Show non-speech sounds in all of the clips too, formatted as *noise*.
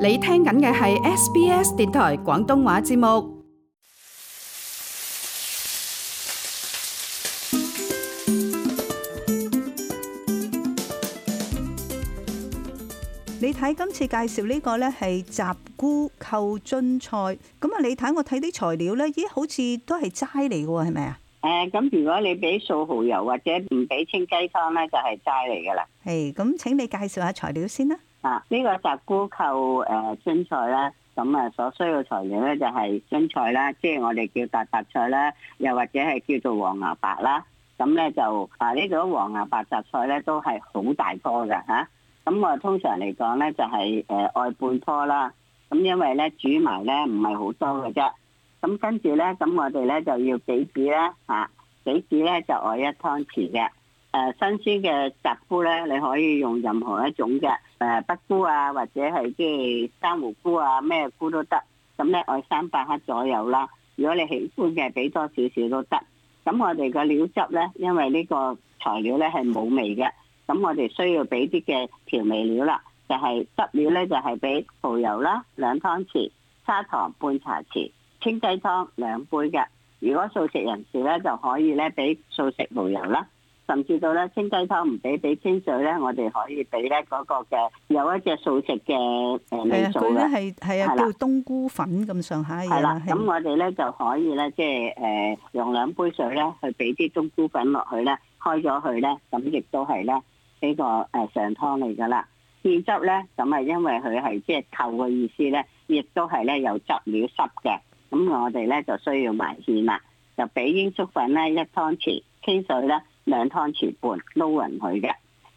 你聽緊嘅係 SBS 電台廣東話節目。你睇今次介紹呢個咧係雜菇扣津菜，咁啊你睇我睇啲材料咧，咦好似都係齋嚟嘅喎，係咪啊？誒，咁如果你俾素蚝油或者唔俾清雞湯咧，就係齋嚟噶啦。係，咁請你介紹下材料先啦。啊！呢、這個雜菇扣誒青、呃、菜咧，咁啊所需要材料咧就係青菜啦，即係我哋叫大雜菜啦，又或者係叫做黃芽白啦。咁咧就啊呢種、這個、黃芽白雜菜咧都係好大棵嘅吓。咁、啊、我、啊、通常嚟講咧就係誒外半棵啦。咁、啊、因為咧煮埋咧唔係好多嘅啫。咁跟住咧咁我哋咧就要杞子咧吓，杞子咧就外一湯匙嘅。誒新鮮嘅雜菇咧，你可以用任何一種嘅誒北菇啊，或者係即係珊瑚菇啊，咩菇都得。咁咧，我哋三百克左右啦。如果你喜歡嘅，俾多少少都得。咁我哋個料汁咧，因為呢個材料咧係冇味嘅，咁我哋需要俾啲嘅調味料啦，就係汁料咧就係俾蠔油啦，兩湯匙，砂糖半茶匙，清雞湯兩杯嘅。如果素食人士咧，就可以咧俾素食蠔油啦。甚至到咧清雞湯唔俾，俾清水咧，我哋可以俾咧嗰個嘅，有一隻素食嘅誒米做嘅。係啊，佢咧係、係啊，嗰個冬菇粉咁上下。係啦，咁我哋咧就可以咧，即係誒、呃、用兩杯水咧去俾啲冬菇粉落去咧，開咗佢咧，咁亦都係咧呢個誒上湯嚟噶啦。芡汁咧，咁啊，因為佢係即係透嘅意思咧，亦都係咧有汁料濕嘅。咁我哋咧就需要埋芡啦，就俾鷹粟粉咧一湯匙清水咧。兩湯匙半撈勻佢嘅，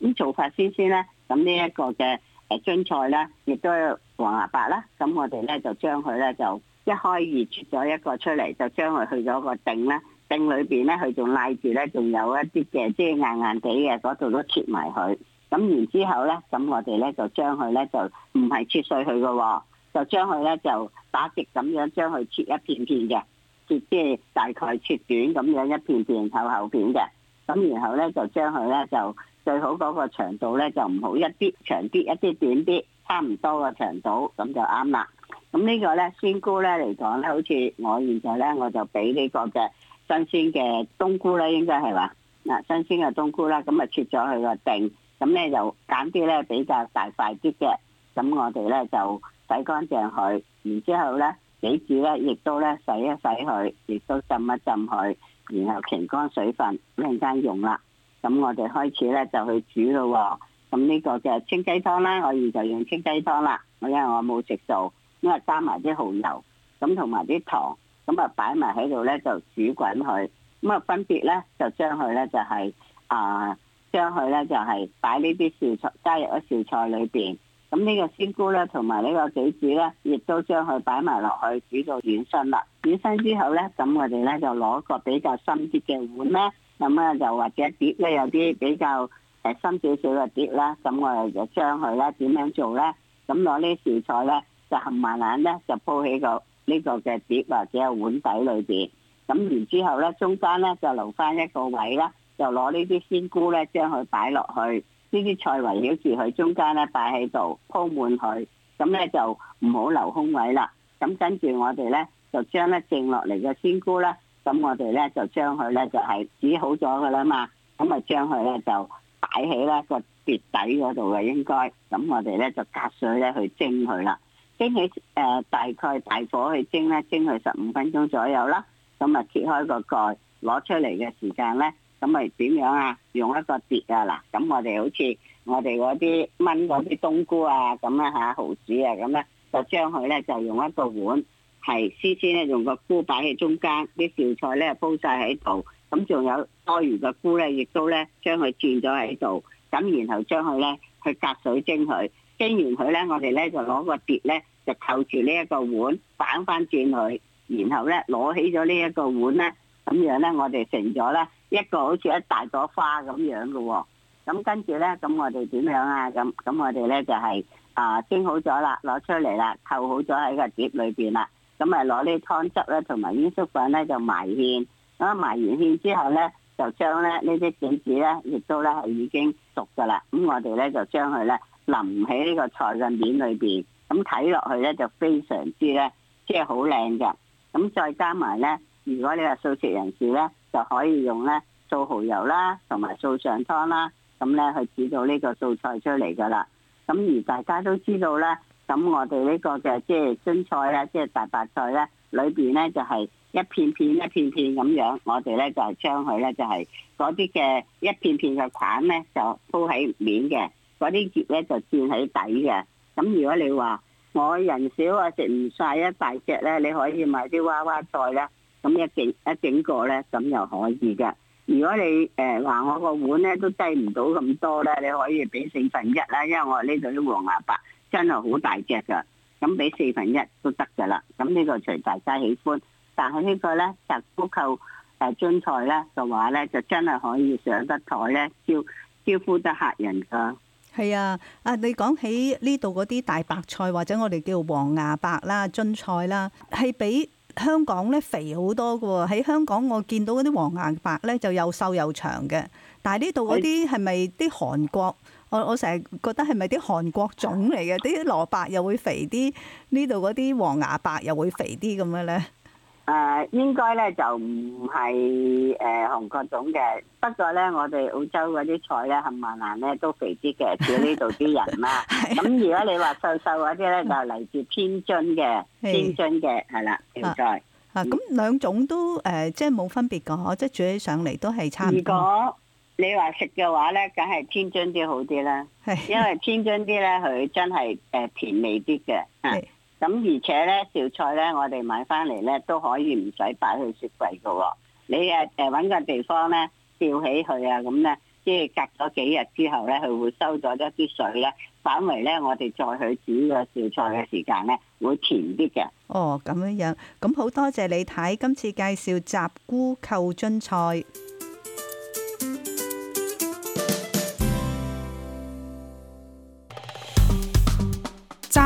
咁做法先先咧。咁、這個、呢一個嘅誒樽菜咧，亦都係黃芽白啦。咁我哋咧就將佢咧就一開二切咗一個出嚟，就將佢去咗個頂啦。頂裏邊咧佢仲賴住咧，仲有一啲嘅即係硬硬哋嘅嗰度都切埋佢。咁然之後咧，咁我哋咧就將佢咧就唔係切碎佢嘅，就將佢咧就打直咁樣將佢切一片片嘅，切即係大概切短咁樣一片片厚厚片嘅。咁然後咧就將佢咧就最好嗰個長度咧就唔好一啲長啲，一啲短啲，差唔多個長度咁就啱啦。咁呢個咧鮮菇咧嚟講咧，好似我現在咧我就俾呢個嘅新鮮嘅冬菇咧，應該係話嗱新鮮嘅冬菇啦，咁啊切咗佢個頂，咁咧就揀啲咧比較大塊啲嘅，咁我哋咧就洗乾淨佢，然之後咧幾次咧亦都咧洗一洗佢，亦都浸一浸佢。然後乾乾水分，一陣間用啦。咁我哋開始咧就去煮咯。咁呢個就清雞湯啦，我而就用清雞湯啦。我因為我冇食素，因為加埋啲蠔油，咁同埋啲糖，咁啊擺埋喺度咧就煮滾佢。咁啊分別咧就將佢咧就係、是、啊、呃、將佢咧就係擺呢啲素菜，加入咗素菜裏邊。咁呢個鮮菇咧，同埋呢個杞子咧，亦都將佢擺埋落去煮到軟身啦。軟身之後咧，咁我哋咧就攞個比較深啲嘅碗咧，咁咧就或者碟咧有啲比較誒深少少嘅碟啦。咁我哋就將佢咧點樣做咧？咁攞呢啲小菜咧，就冚埋眼咧，就鋪喺個呢個嘅碟或者碗底裏邊。咁然之後咧，中間咧就留翻一個位啦，就攞呢啲鮮菇咧，將佢擺落去。呢啲菜圍繞住佢中間咧，擺喺度鋪滿佢，咁咧就唔好留空位啦。咁跟住我哋咧，就將咧剩落嚟嘅鮮菇咧，咁我哋咧就將佢咧就係、是、煮好咗㗎啦嘛。咁啊將佢咧就擺喺咧個碟底嗰度嘅應該。咁我哋咧就隔水咧去蒸佢啦。蒸起誒、呃、大概大火去蒸咧，蒸佢十五分鐘左右啦。咁啊揭開個蓋攞出嚟嘅時間咧。咁咪點樣啊？用一個碟啊嗱，咁我哋好似我哋嗰啲炆嗰啲冬菇啊，咁咧嚇，蠔豉啊，咁咧就將佢咧就用一個碗，係先先咧用個菇擺喺中間，啲紹菜咧煲晒喺度，咁仲有多餘嘅菇咧，亦都咧將佢轉咗喺度，咁然後將佢咧去隔水蒸佢，蒸完佢咧，我哋咧就攞個碟咧就扣住呢一個碗，反翻轉佢，然後咧攞起咗呢一個碗咧。咁樣咧，我哋成咗咧一個好似一大朵花咁樣嘅喎。咁跟住咧，咁我哋點樣啊？咁咁我哋咧就係啊蒸好咗啦，攞出嚟啦，扣好咗喺個碟裏邊啦。咁啊攞啲湯汁咧同埋鷹粟粉咧就埋芡。咁埋完芡之後咧，就將咧呢啲餃子咧亦都咧係已經熟噶啦。咁我哋咧就將佢咧淋喺呢個菜嘅面裏邊。咁睇落去咧就非常之咧，即係好靚嘅。咁再加埋咧。如果你話素食人士咧，就可以用咧素蠔油啦，同埋素上湯啦，咁咧去煮到呢個素菜出嚟噶啦。咁而大家都知道咧，咁我哋呢個嘅即係春菜啊，即係大白菜咧，裏邊咧就係一片片一片片咁樣，我哋咧就係將佢咧就係嗰啲嘅一片片嘅枴咧就鋪喺面嘅，嗰啲葉咧就墊喺底嘅。咁如果你話我人少啊，食唔晒一大隻咧，你可以買啲娃娃菜啦。咁一整一整個咧，咁又可以嘅。如果你誒話、呃、我個碗咧都低唔到咁多咧，你可以俾四分一啦，因為我呢度啲黃牙白真係好大隻嘅，咁俾四分一都得嘅啦。咁呢個隨大家喜歡，但係呢個咧就補夠誒樽菜咧就話咧，就真係可以上得台咧，招招呼得客人㗎。係啊，啊你講起呢度嗰啲大白菜或者我哋叫黃牙白啦、樽菜啦，係俾，香港咧肥好多㗎喎，喺香港我見到嗰啲黃牙白咧就又瘦又長嘅，但係呢度嗰啲係咪啲韓國？我我成日覺得係咪啲韓國種嚟嘅？啲蘿蔔又會肥啲，呢度嗰啲黃牙白又會肥啲咁樣咧。誒，uh, 應該咧就唔係誒韓國種嘅，不過咧我哋澳洲嗰啲菜咧冚唪唥咧都肥啲嘅，比呢度啲人啦。咁， *laughs* 是的 如果你話瘦瘦嗰啲咧，就嚟自津的天津嘅，天津嘅係啦，存在啊。咁兩的、啊、種都誒、呃，即係冇分別噶，即係煮起上嚟都係差唔多。如果你話食嘅話咧，梗係天津啲好啲啦，係的因為天津啲咧，佢真係誒甜味啲嘅。咁而且咧，紹菜咧，我哋買翻嚟咧都可以唔使擺去雪櫃嘅喎。你誒誒揾個地方咧，吊起佢啊，咁咧即係隔咗幾日之後咧，佢會收咗一啲水咧，反而咧我哋再去煮個紹菜嘅時間咧會甜啲嘅。哦，咁樣樣，咁好多謝李太今次介紹雜菇扣津菜。